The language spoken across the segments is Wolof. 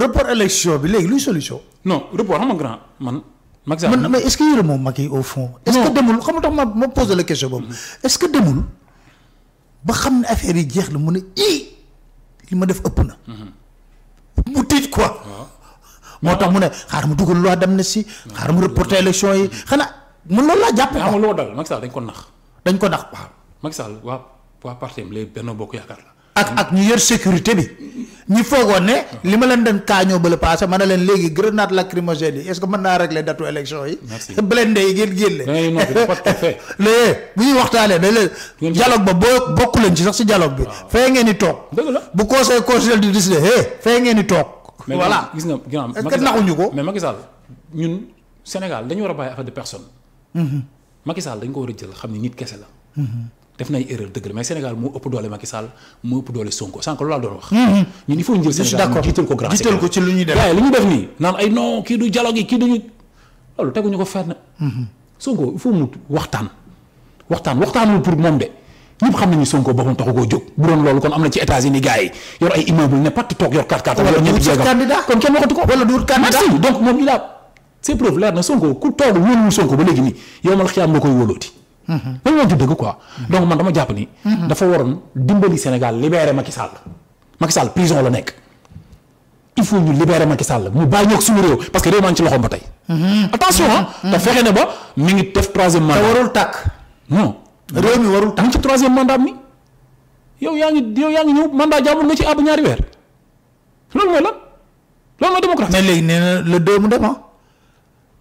report élection bi léegi luy solution. no report xam nga grand man. Macky Sall man mais est-ce que yërëmoo Macky au fond. est ce que demul xam nga tax ma ma posé la question boobu. Mm-hmm. est-ce que demul ba xam ne affaire yi jeex na mu ne ii ma def ëpp na. Mm-hmm. mu tiit moo tax mu ne xaar mu dugal loi d'amnistie xaar mu reporter mm-hmm. élection yi xanaa mun loolu laa jàpp. waaw loo dal dañ ko nax. dañ ko nax waaw. Macky Sall waa waa parti am léegi Benno Bokk Yaakaar la. ak ñu yor sécurité bi. ñi foogoon ne li ma leen den kaañoo ba la passé a ne leen léegi grenade lacrymogène yi est-ce que mën naa régler datu élection yi. blende yi ngeen génne. léegi eh, bu ñuy waxtaanee dañ leen. dialogue ba boo bokk leen ci sax si dialogue bi. fee ngeen di toog. bu conseil constitutionnel di décider hey eh, fee ngeen di toog. voilà gis nga ginnaaw est-ce que naxuñu ko. mais Macky ñun Sénégal dañu war a bàyyi affaire de personne. Mm-hmm. Macky Sall dañ ko war a jël xam ne nit kese la. Mm-hmm. def nañ erreur dëgg la mais Sénégal moo ëpp doole Macky Sall moo ëpp doole Sonko sànq mhm. ko grand jiital ko lu ñuy def waaye ko fenn. Mhm. Sonko il faut mu waxtaan waxtaan waxtaanul pour moom de ñëpp xam nañu Sonko boppam taxu koo jóg bu doon loolu kon am na ci États-Unis gars yi yor ay immeuble ne patt toog yor 4-4. wala du kon kenn waxatu ko. wala du wut candidat donc moom il a ses preuves leer na Sonko ku toog wóoluwul Sonko ba léegi nii yow mal xiyaam nga koy wóolooti loolu moo ci dëgg quoi. donc man dama jàpp ni. dafa waroon dimbali Sénégal libérer Macky Sall. Macky Sall prison la nekk il faut ñu libérer Macky Sall mu bàyyi ñoog suñu réew parce que réew maa ngi ba tey. Mm-hmm. attention ah. te mi ngi def troisième mandat. te warul tàkk. non réew mi warul ci troisième mandat mi yow yaa ngi yow yaa ngi ñëw mandat jàmbur nga ci àbb ñaari weer loolu mooy lan loolu mooy démocratie. le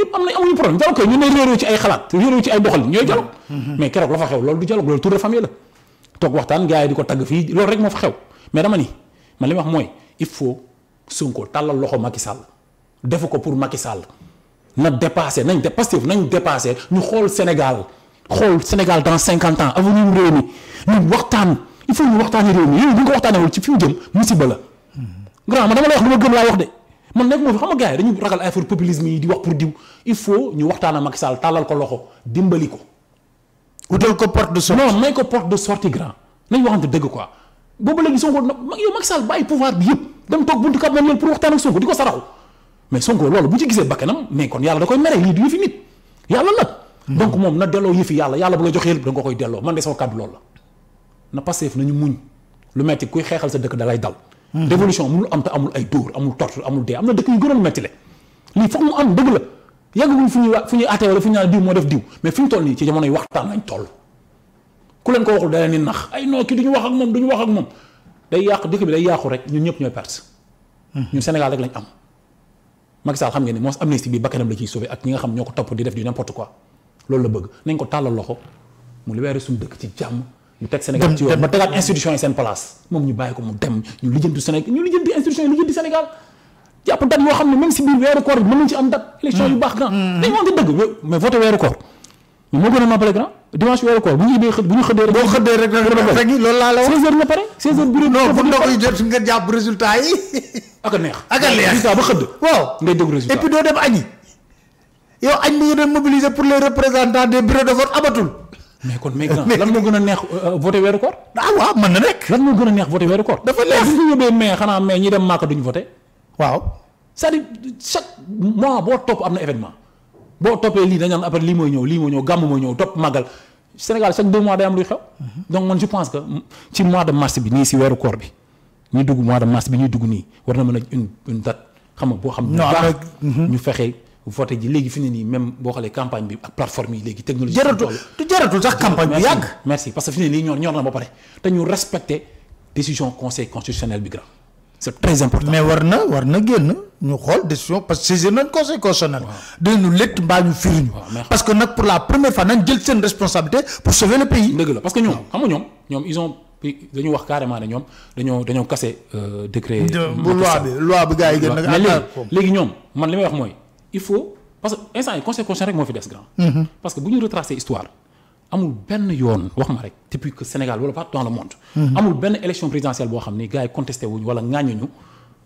ñëpp am nañ amuñu problème dialogue ñu ne réeroo ci ay xalaat réeroo ci ay doxal ñoy dialogue mhm. mais keroog la fa xew loolu du dialogue loolu tour de famille la tok waxtaan gaay di ko tag fi loolu rek mo fa xew mais dama ni man li wax moy il faut Sonko talal loxo Macky Sall defu ko pour Macky Sall na dépasser nañ dépasser nañ dépasser ñu xol Sénégal xol Sénégal dans 50 ans avenir mu réew mi ñu waxtaan il faut ñu waxtaanee réew mi yooyu bu ñu ko waxtaanewul ci fi mu jëm musiba la. Mhm. grand ma dama lay wax lu ma gëm laa wax de man nek moo fi xam nga gars dañu ragal ay for populisme yi di wax pour diw il faut ñu waxtana ak Macky Sall tàllal ko loxo dimbali ko. utal ko porte de sortie non may ko porte de sortie grand nañ waxante deug quoi boobu léegi Sonko nag yow Macky Sall baye pouvoir bi yeb dem tok buntu kàddu nañ pour waxtana Sonko diko saraxu mais Sonko loolu bu ci gisee bakkanam mais kon yalla da koy méré lii du fi nit yalla la. Hmm. donc mom na delloo yëfi yalla yalla bu nga joxee da nga koy delloo man de sama cadre loolu la. na Pastef nañu muñ lu metti kuy xeexal sa da lay dal révolution mënul am te amul ay dóor amul torture amul dee am na dëkk yu gënoon metti le lii foog mu am dëgg la yàggaguñ fu ñuy fu ñuy àtte wala fu ñu naan diw moo def diw mais fi ñu toll nii ci jamonoy waxtaan lañ toll ku leen ko waxul da leen ni ay non ki ñu wax ak moom du wax ak moom day yàqu dëkk bi day yàqu rek ñun ñëpp ñooy perte ñun Sénégal rek lañ am Macky Sall xam ngeen ne moos amnistie bi bakkanam la ciy sauvé ak ñi nga xam ñoo ko topp di def di n'importe quoi loolu la bëgg nañ ko tàllal loxo mu libéré suñu dëkk ci jàmm ñu teg Sénégal ci yoon ma tegaat institution yi seen place moom ñu bàyyi ko mu dem ñu lijjanti Sénégal ñu lijjanti institution yi lijjanti Sénégal jàpp date yoo xam ne même si biir weeru koor mën nañ ci am date élection yu hmm. baax grand hmm. dañu wante dëgg mais voté weeru koor ñu moo gën a noppale grand dimanche weeru koor bu ñu ubbee xë bu ñu xëddee rek boo xëddee rek rek loolu laa la wax 16 heures nga pare 16 heures bureau non bu ndox yu jot nga jàpp résultat yi ak a neex ak a neex résultat ba xëdd waaw ngay dégg résultat et puis doo dem añi yow añ bi nga doon mobiliser pour les représentants des bureaux de vote abatul mais kon mais grand lan moo gën a neex euh, euh, voté weeru koor. Ah, na nekk. lan a neex voté weeru koor. dafa neex bu ñu yóbbee mais xanaa mais ñi dem Màkka duñ voté. waaw sa à dire chaque mois boo topp am na événement boo toppee lii dañ naan après lii mooy ñëw lii mooy ñëw gàmm mooy ñëw topp màggal Sénégal chaque deux mois day am luy xew. donc man je pense que ci mois de mars bi nii si weeru koor bi ñu dugg mois de mars bi ñuy dugg nii war na mën a une une date xam nga boo xam. Mhm. ñu fexee Vous ji léegi fini ne même beaucoup les campagne bi ak plateforme yi léegi technologie. jaratul jaratul sax campagne bi merci parce que fini les nii ñor ñor na ba pare te ñu respecté décision conseil constitutionnel bi grand. c'est très important mais warna warna war nous génn ñu décision parce que c'est nañ conseil constitutionnel. de nous létt bas ñu firiñu. parce que nag pour la première fois nañ jël une responsabilité pour sauver le pays. parce que nous, xam nga nous ils ont. dañu wax carrément ñom ñoom dañoo dañoo kase euh, décret. de loi bi loi bi gaay gën a. mais léegi léegi man limay wax moy il faut parce que instant il conseil constitutionnel rek moo fi des grand. Mhm. parce que bu nous retracer histoire amul ben yoon wax ma rek depuis que Sénégal wala partout dans le monde. Mhm. amul ben élection présidentielle bo xam gars yi contesté wuñu wala ŋaañuñu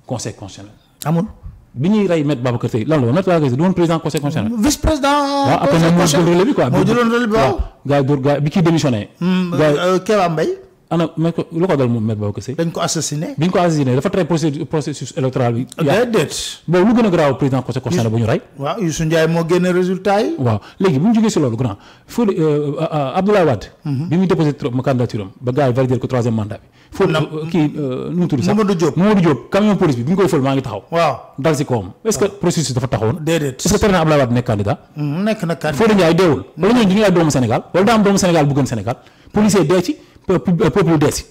conseil constitutionnel. amul bi ray met maître Babacar Seye lan la woon maître doon président conseil constitutionnel. Mm, vice président wa après jël relève jëloon quoi. moo jëloon relais bi gars yi bi démissionné. Mm, euh, Kéba Mbaye. ana met ko lu ko dal moom met Bawo Kassé. dañ ko assassiné. biñ ko assassiné dafa tere procé processus électoral bi. Ah, yaa déedéet. boobu lu gën a garaaw président conseil constitutionnel bu ñu rey. waaw Youssou Ndiaye moo génne résultat yi. waaw léegi bu ñu jógee si loolu grand Fodé euh, euh, euh, Abdoulaye Wade. Mhm. bi muy déposé trop ma candidature am ba gars yi validé ko troisième mandat bi. foofu kii nu mu tudd sax Mamadou Diop Mamadou Diop camion police bi bi ñu koy fël maa ngi taxaw. waaw dal si kawam est ce que processus dafa taxawoon. déedéet est ce que tere na Abdoulaye Wade nekk candidat. Mm, nekk na candidat Fodé Ndiaye deewul. wala ñooñu du ñu ay doomu Sénégal wala daa am doomu Sénégal bu gën Sénégal policier dee ci Euh, peuple dee si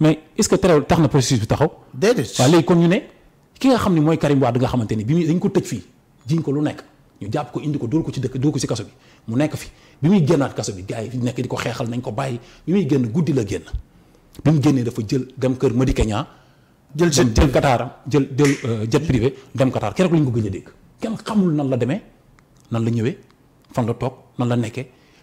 mais est-ce que terewul tax na processus bi taxaw. déedéet waaw léegi kon ñu ne ki nga xam ne mooy Karim Wade nga xamante ni bi muy dañ ko tëj fii jiñ ko lu nekk ñu jàpp ko indi ko dóor ko ci dëkk dóor ko ci kaso bi mu nekk fi bi muy génnaat kaso bi gars yi nekk di ko xeexal nañ ko bàyyi bi muy génn guddi la génn bi mu génnee dafa jël dem kër Madické Niang jël jet jël Qataram jël jël euh, jet privé dem Qatar keroog lañ ko gëj a dégg kenn xamul nan la demee nan la ñëwee fan la toog nan la nekkee.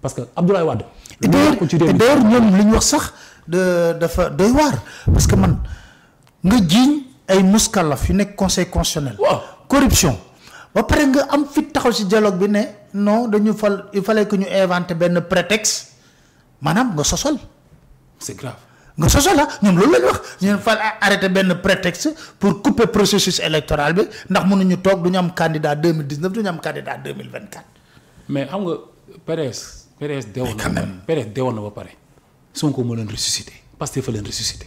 parce que Abdoulaye Wade. d'ailleurs ñom li ñu wax sax de dafa doy war parce que man nga jign ay muskala fi nek conseil constitutionnel. corruption ba pare nga am fi taxaw ci dialogue bi ne non dañu fal il fallait que ñu inventer ben prétexte manam nga sosol. c'est grave nga sosol ah. la ñom loolu lañ wax ñu fal arrêter ben prétexte pour couper processus électoral bi ndax mënuñu toog du ñu am candidat 2019 mille du ñu am candidat 2024 mais xam nga PDS. PDS deewoon na ba pare PDS na ba pare Sonko moo leen ressuscité Pastef a leen ressuscité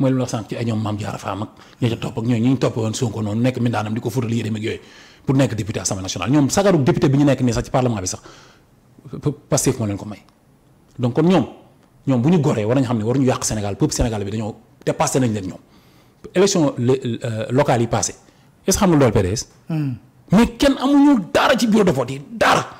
mooy lu ma la ci ay ñoom Mame Diarra Fam ak ñoo ca topp ak ñooñu ñoom sagaru député bi ñu nekk nii sax ci parlement bi sax Pastef moo leen ko may donc kon ñoom ñoom bu ñu goree war nañu xam ne waruñu yàq Sénégal peuple Sénégal bi dañoo dépassé nañ leen ñoom élection euh, locale yi passé est-ce que xam nga loolu PDS hmm. kenn amuñu dara ci bureau de yi dara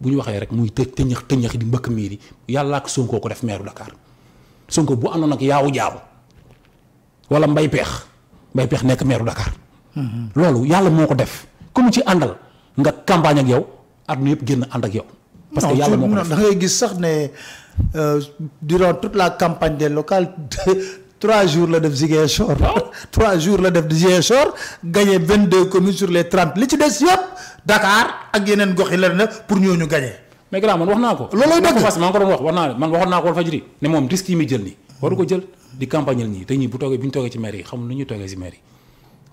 bu ñu waxee rek muy të tëñëx tëñëx di mbëkk miir yi yàlla ak Sonko ko def meeru Dakar Sonko bu àndoon ak yaawu jaaw wala mbay peex mbay peex nekk meeru Dakar. Mm-hmm. loolu yàlla moo ko def comme ci àndal nga campagne ak yow àdduna yëpp génn ànd ak yow. parce que yàlla moo ko def da gis sax ne euh, durant toute la campagne des local 3 jours la def Ziguinchor. 3 jours la def Ziguinchor gagné 22 deux communes sur les 30 li ci dess yëpp Dakar ak yenen gox yi la pour ñooñu gagné. mais grand man wax naa ko. looloo dëgg wax maa ko doon wax wax man waxoon naa ko Walfadjri ne moom risque yi muy jël ni waru ko jël di campagnal ni tay ñii bu togué buñ togué ci maire yi xamul nu ñuy toogee ci maire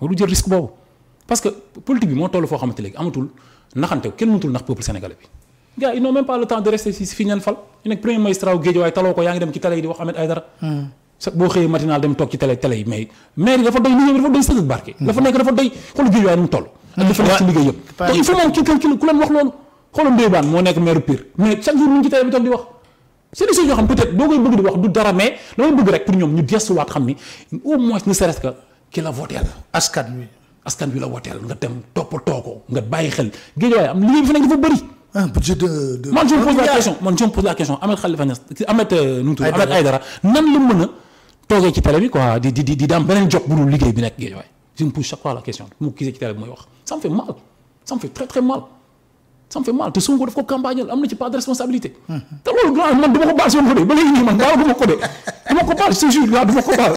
yi waru jël risque bobu parce que politique bi mo tollu fo xamante léegi amatul naxanté ken mënatul nax peuple sénégalais bi. gars ils n'ont même pas le temps de rester si si fal ñu nekk premier ministre wu Guédiawaye taloo ko yaa ngi dem ci télé di wax Ahmed Aïdara hmm sax matinal dem tok ci télé télé mais maire dafa doy tu dafa doy que barke mm-hmm. dafa dafa doy mm-hmm. dafa il faut wax Il que maire pire mais chaque jour ngi bi di wax c'est que xam peut-être que au moins ce askan askan la que dem toko, nga xel am que tu budget de je me pose la question je me pose la question Ahmed Khalifa Ahmed euh, Ahmed télé quoi di di di des job le je me pose chaque fois la question ça me fait mal ça me fait très très mal ça me fait mal te es un ko de campagne. pas de responsabilité. Hmm.